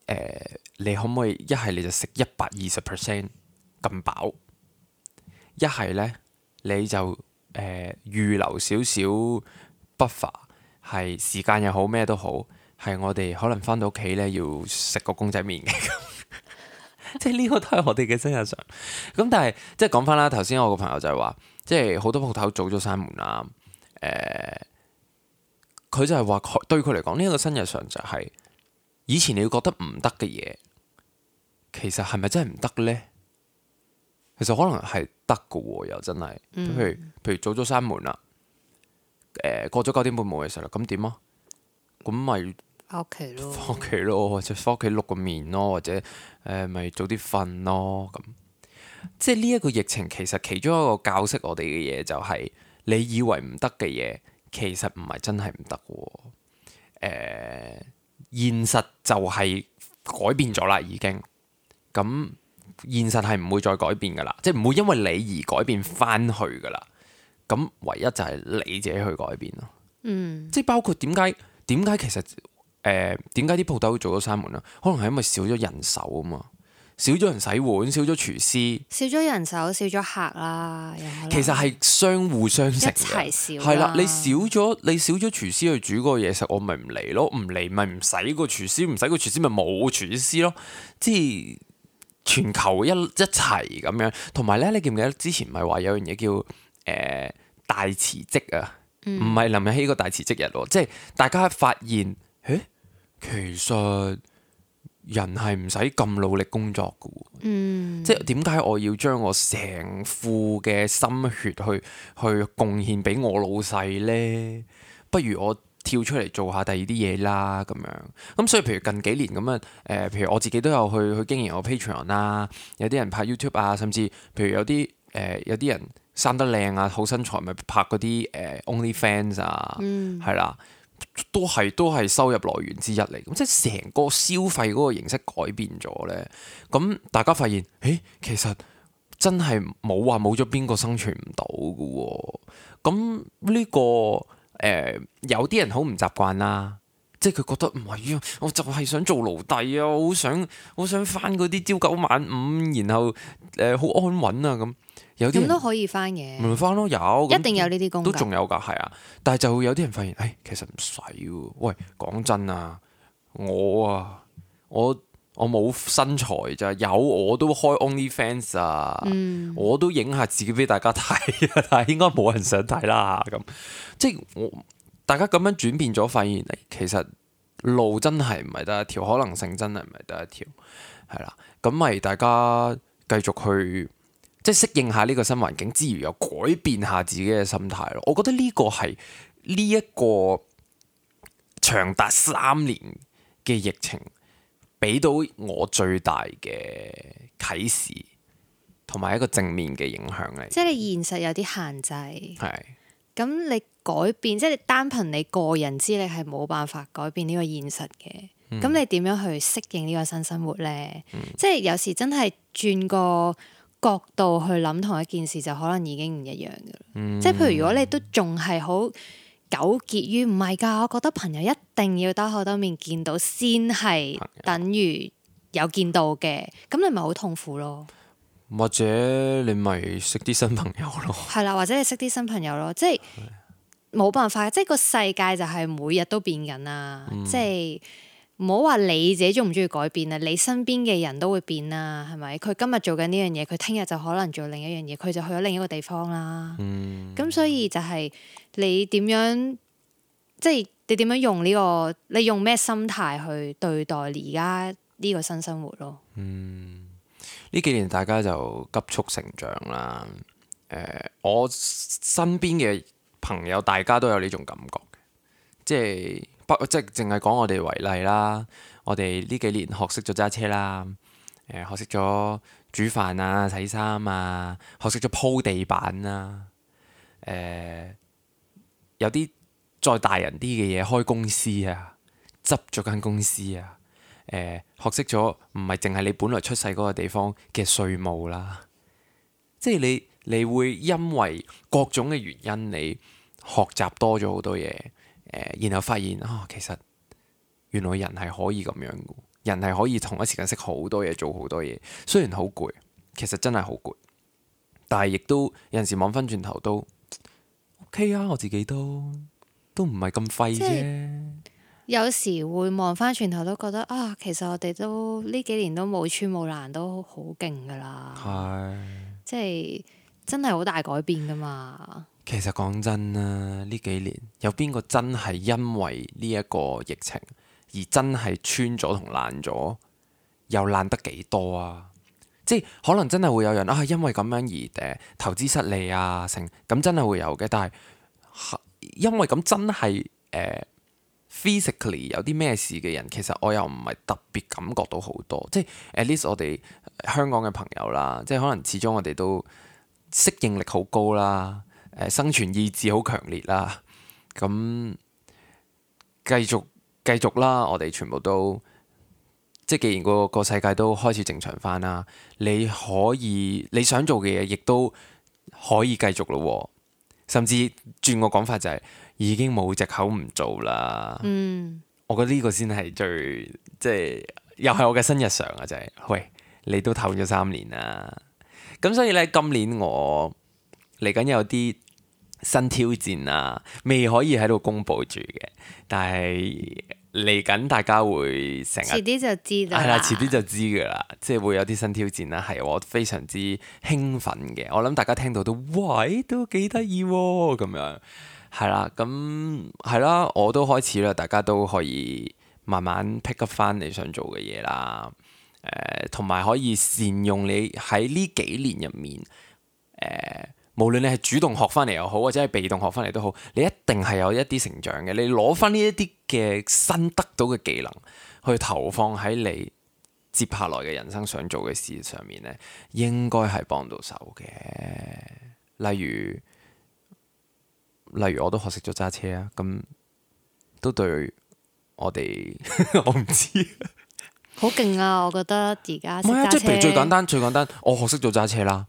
呃，你可唔可以一係你就食一百二十 percent 咁飽？一係咧你就誒、呃、預留少少 buffer，係時間又好咩都好，係我哋可能翻到屋企咧要食個公仔麪嘅。即係呢個都係我哋嘅新日常，咁但係即係講翻啦，頭先我個朋友就係話，即係好多鋪頭早咗閂門啦，誒、呃，佢就係話對佢嚟講呢一個新日常就係、是，以前你會覺得唔得嘅嘢，其實係咪真係唔得呢？其實可能係得噶，又真係，譬如譬如早咗閂門啦，誒、呃，過咗九點半冇嘢食啦，咁點啊？咁咪。翻屋企咯，翻屋企咯，或者翻屋企碌個麵咯，或者誒，咪早啲瞓咯咁。即係呢一個疫情，其實其中一個教識我哋嘅嘢，就係你以為唔得嘅嘢，其實唔係真係唔得嘅。誒、呃，現實就係改變咗啦，已經。咁現實係唔會再改變噶啦，即係唔會因為你而改變翻去噶啦。咁唯一就係你自己去改變咯。嗯、即係包括點解？點解其實？誒點解啲鋪頭做咗閂門啊？可能係因為少咗人手啊嘛，少咗人洗碗，少咗廚師，少咗人手，少咗客啦。其實係相互相成嘅，一齊少。係啦，你少咗你少咗廚師去煮個嘢食，我咪唔嚟咯，唔嚟咪唔使個廚師，唔使個廚師咪冇廚師咯。即係全球一一齊咁樣。同埋咧，你記唔記得之前咪話有樣嘢叫誒、呃、大辭職啊？唔係、嗯、林日曦個大辭職日喎，即係大家發現誒。其實人係唔使咁努力工作嘅，嗯，即係點解我要將我成副嘅心血去去貢獻俾我老細呢？不如我跳出嚟做下第二啲嘢啦，咁樣。咁、嗯、所以譬如近幾年咁啊，誒、呃，譬如我自己都有去去經營我 Patreon 啦，有啲人拍 YouTube 啊，甚至譬如有啲誒、呃，有啲人生得靚啊，好身材咪拍嗰啲誒、呃、OnlyFans 啊，嗯，係啦。都係都係收入來源之一嚟，咁即係成個消費嗰個形式改變咗呢。咁大家發現，誒、欸，其實真係冇話冇咗邊個生存唔到嘅，咁、嗯、呢、這個誒、呃、有啲人好唔習慣啦，即係佢覺得唔係啊，我就係想做奴隸啊，好想好想翻嗰啲朝九晚五，然後誒好、呃、安穩啊咁。嗯有啲咁都可以翻嘅，唔翻咯，有一定有呢啲工，都仲有噶，係啊。但係就有啲人發現，誒，其實唔使喎。喂，講真啊，我啊，我我冇身材咋，有我，我都開 OnlyFans 啊，嗯、我都影下自己俾大家睇，但係應該冇人想睇啦。咁即係我大家咁樣轉變咗，發現嚟其實路真係唔係得一條，可能性真係唔係得一條，係啦。咁咪大家繼續去。即係適應下呢個新環境之餘，又改變下自己嘅心態咯。我覺得呢個係呢一個長達三年嘅疫情，俾到我最大嘅啟示，同埋一個正面嘅影響嚟。即係你現實有啲限制，係咁是你改變，即係單憑你個人之力係冇辦法改變呢個現實嘅。咁、嗯、你點樣去適應呢個新生活呢？嗯、即係有時真係轉個角度去諗同一件事就可能已經唔一樣嘅，嗯、即係譬如如果你都仲係好糾結於唔係噶，我覺得朋友一定要兜口兜面見到先係等於有見到嘅，咁你咪好痛苦咯。或者你咪識啲新朋友咯。係啦， 或者你識啲新朋友咯，即係冇的辦法，即係個世界就係每日都變緊啊，嗯、即係。唔好話你自己中唔中意改變啦，你身邊嘅人都會變啦，係咪？佢今日做緊呢樣嘢，佢聽日就可能做另一樣嘢，佢就去咗另一個地方啦。咁、嗯、所以就係你點樣，即係你點樣用呢個，你用咩心態去對待而家呢個新生活咯？嗯，呢幾年大家就急速成長啦、呃。我身邊嘅朋友，大家都有呢種感覺即係。不即係淨係講我哋為例啦，我哋呢幾年學識咗揸車啦，誒，學識咗煮飯啊、洗衫啊，學識咗鋪地板啦，誒、呃、有啲再大人啲嘅嘢，開公司啊，執咗間公司啊，誒、呃、學識咗唔係淨係你本來出世嗰個地方嘅稅務啦，即係你你會因為各種嘅原因，你學習多咗好多嘢。然後發現啊、哦，其實原來人係可以咁樣，人係可以同一時間識好多嘢，做好多嘢。雖然好攰，其實真係好攰，但係亦都有陣時望返轉頭都 OK 啊，我自己都都唔係咁廢啫。有時會望返轉頭都覺得啊、哦，其實我哋都呢幾年都冇穿冇爛，都好勁噶啦。係，即係真係好大改變噶嘛。其實講真啊，呢幾年有邊個真係因為呢一個疫情而真係穿咗同爛咗？又爛得幾多啊？即係可能真係會有人啊，因為咁樣而誒投資失利啊，成咁真係會有嘅。但係因為咁真係誒、呃、physically 有啲咩事嘅人，其實我又唔係特別感覺到好多。即係 at least 我哋香港嘅朋友啦，即係可能始終我哋都適應力好高啦。生存意志好強烈啦，咁繼續繼續啦，我哋全部都即既然個個世界都開始正常翻啦，你可以你想做嘅嘢，亦都可以繼續咯。甚至轉個講法就係、是、已經冇藉口唔做啦。嗯，我覺得呢個先係最即係又係我嘅新日常啊！就係、是，喂，你都唞咗三年啦，咁所以呢，今年我嚟緊有啲。新挑戰啊，未可以喺度公布住嘅，但係嚟緊大家會成日遲啲就知啦，係啦，遲啲就知噶啦，即係會有啲新挑戰啦，啊，係我非常之興奮嘅，我諗大家聽到都喂，欸，都幾得意咁樣，係啦，咁係啦，我都開始啦，大家都可以慢慢 pick up 翻你想做嘅嘢啦，誒，呃，同埋可以善用你喺呢幾年入面，誒，呃。無論你係主動學翻嚟，又好，或者係被動學翻嚟都好，你一定係有一啲成長嘅。你攞翻呢一啲嘅新得到嘅技能，去投放喺你接下來嘅人生想做嘅事上面呢，應該係幫到手嘅。例如，例如我都學識咗揸車啊，咁都對我哋 我唔知好勁啊！我覺得而家唔係呀，即係譬如最簡單、最簡單，我學識咗揸車啦。.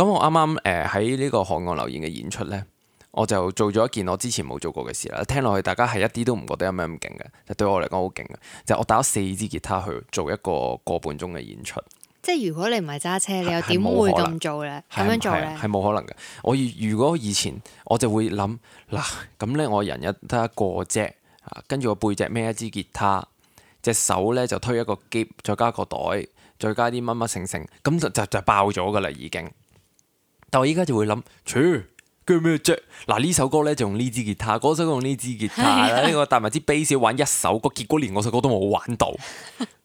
咁我啱啱誒喺呢個河岸留言嘅演出呢，我就做咗一件我之前冇做過嘅事啦。聽落去大家係一啲都唔覺得有咩咁勁嘅，其實對我嚟講好勁嘅。就我打咗四支吉他去做一個個半鐘嘅演出，即係如果你唔係揸車，你又點會咁做呢？咁樣做咧係冇可能嘅。我如果以前我就會諗嗱，咁呢我人一得一個隻，跟住我背脊孭一支吉他，隻手呢就推一個夾，再加個袋，再加啲乜乜成成，咁就就就爆咗㗎啦，已經。但我依家就會諗，切，佢咩着？嗱呢首歌咧就用呢支吉他，嗰首用呢支吉他，呢個帶埋支貝斯玩一首，個結果連我首歌都冇玩到，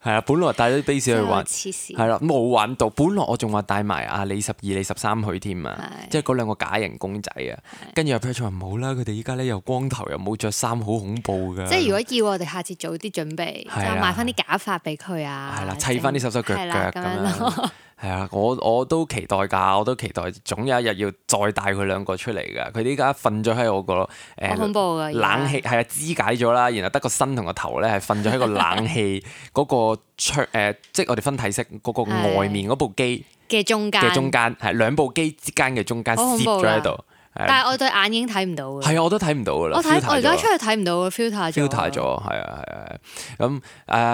係啊，本來帶咗啲貝斯去玩，係啦，冇玩到。本來我仲話帶埋阿李十二、李十三去添啊，即係嗰兩個假人公仔啊。跟住阿 Peter 話唔好啦，佢哋依家咧又光頭又冇着衫，好恐怖噶。即係如果要我哋下次早啲準備，就買翻啲假發俾佢啊，係啦，砌翻啲手手腳腳咁樣。係啊，我我都期待噶，我都期待，總有一日要再帶佢兩個出嚟噶。佢依家瞓咗喺我個誒、呃、冷氣，係啊，肢解咗啦，然後得個身同個頭咧，係瞓咗喺個冷氣嗰、 嗰個出，誒、呃，即係我哋分體式嗰、嗰個外面嗰部機嘅的中間嘅中間，係兩部機之間嘅中間。攝咗喺度。但係我對眼睛已經睇唔到嘅，係啊，我都睇唔到噶啦。我而看家了出去睇唔到嘅 filter 咗咗，係啊係啊，咁唉了、嗯嗯嗯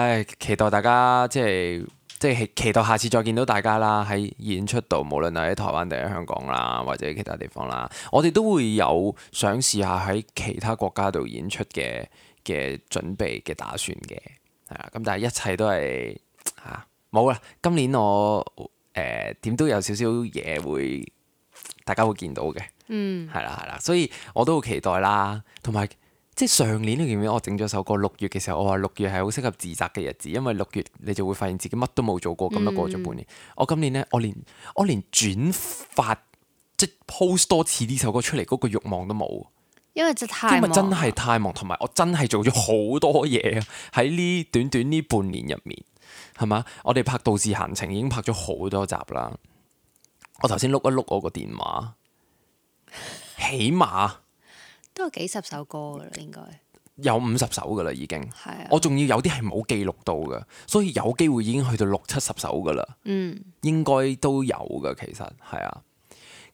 呃、期待大家即係。即係期待下次再見到大家啦，喺演出度，無論係喺台灣定係香港啦，或者其他地方啦，我哋都會有想試下喺其他國家度演出嘅嘅準備嘅打算嘅，係啦。咁但係一切都係嚇冇啦。今年我誒、呃、點都有少少嘢會大家會見到嘅，嗯，係啦係啦。所以我都好期待啦，同埋。即係上年你記唔記得，我整咗首歌。六月嘅時候，我話六月係好適合自責嘅日子，因為六月你就會發現自己乜都冇做過咁樣過咗半年。嗯、我今年呢，我連我連轉發即 post 多次呢首歌出嚟嗰、嗰個慾望都冇，因為就太今日真係太忙，同埋我真係做咗好多嘢喺呢短短呢半年入面，係嘛？我哋拍《都市閒情》已經拍咗好多集啦。我頭先碌一碌我個電話，起碼，都有幾十首歌噶啦，應該有五十首噶啦，已經。係的。我仲要有啲係冇記錄到嘅，所以有機會已經去到六七十首噶啦。嗯。應該都有嘅，其實係啊。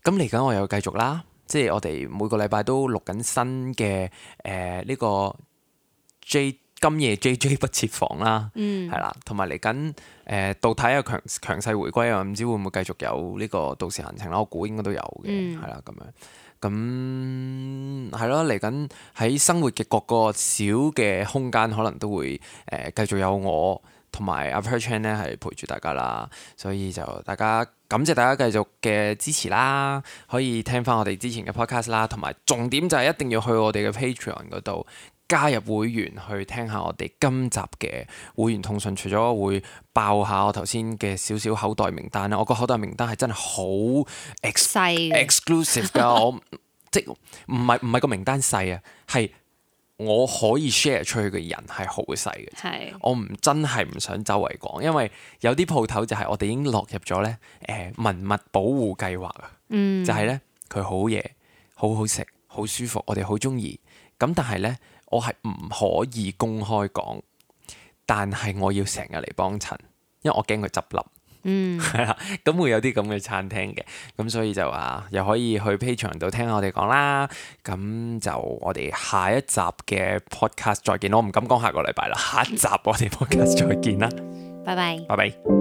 咁嚟緊我又繼續啦，即係我哋每個禮拜都錄緊新嘅誒呢個 J 今夜 JJ 不設防啦。嗯。係啦，同埋嚟緊誒杜太又強強勢回歸啊！唔知會唔會繼續有呢個到時行程啦。我估應該都有嘅，係啦咁樣。咁係咯，嚟緊喺生活嘅各個小嘅空間，可能都會誒、呃、繼續有我同埋阿 Perchan 呢係陪住大家啦。所以就大家感謝大家繼續嘅支持啦，可以聽返我哋之前嘅 podcast 啦，同埋重點就係一定要去我哋嘅 Patreon 嗰度。加入會員去聽下我哋今集嘅會員通訊，除咗會爆下我頭先嘅少少口袋名單啦。我個口袋名單係真係好 exclusive 㗎。我 即唔係唔係個名單細啊，係我可以 share 出去嘅人係好細嘅。係是的 我唔真係唔想周圍講，因為有啲鋪頭就係我哋已經落入咗咧。誒、呃、文物保護計劃啊。嗯、就係咧佢好嘢，好好食，好舒服，我哋好中意咁，但係咧。我係唔可以公開講，但係我要成日嚟幫襯，因為我驚佢執笠。嗯，係啦，咁會有啲咁嘅餐廳嘅，咁所以就話，又可以去 Patreon 度聽我哋講啦。咁就我哋下一集嘅 podcast 再見，我唔敢講下個禮拜啦。下一集我哋 podcast 再見啦。拜拜，拜拜。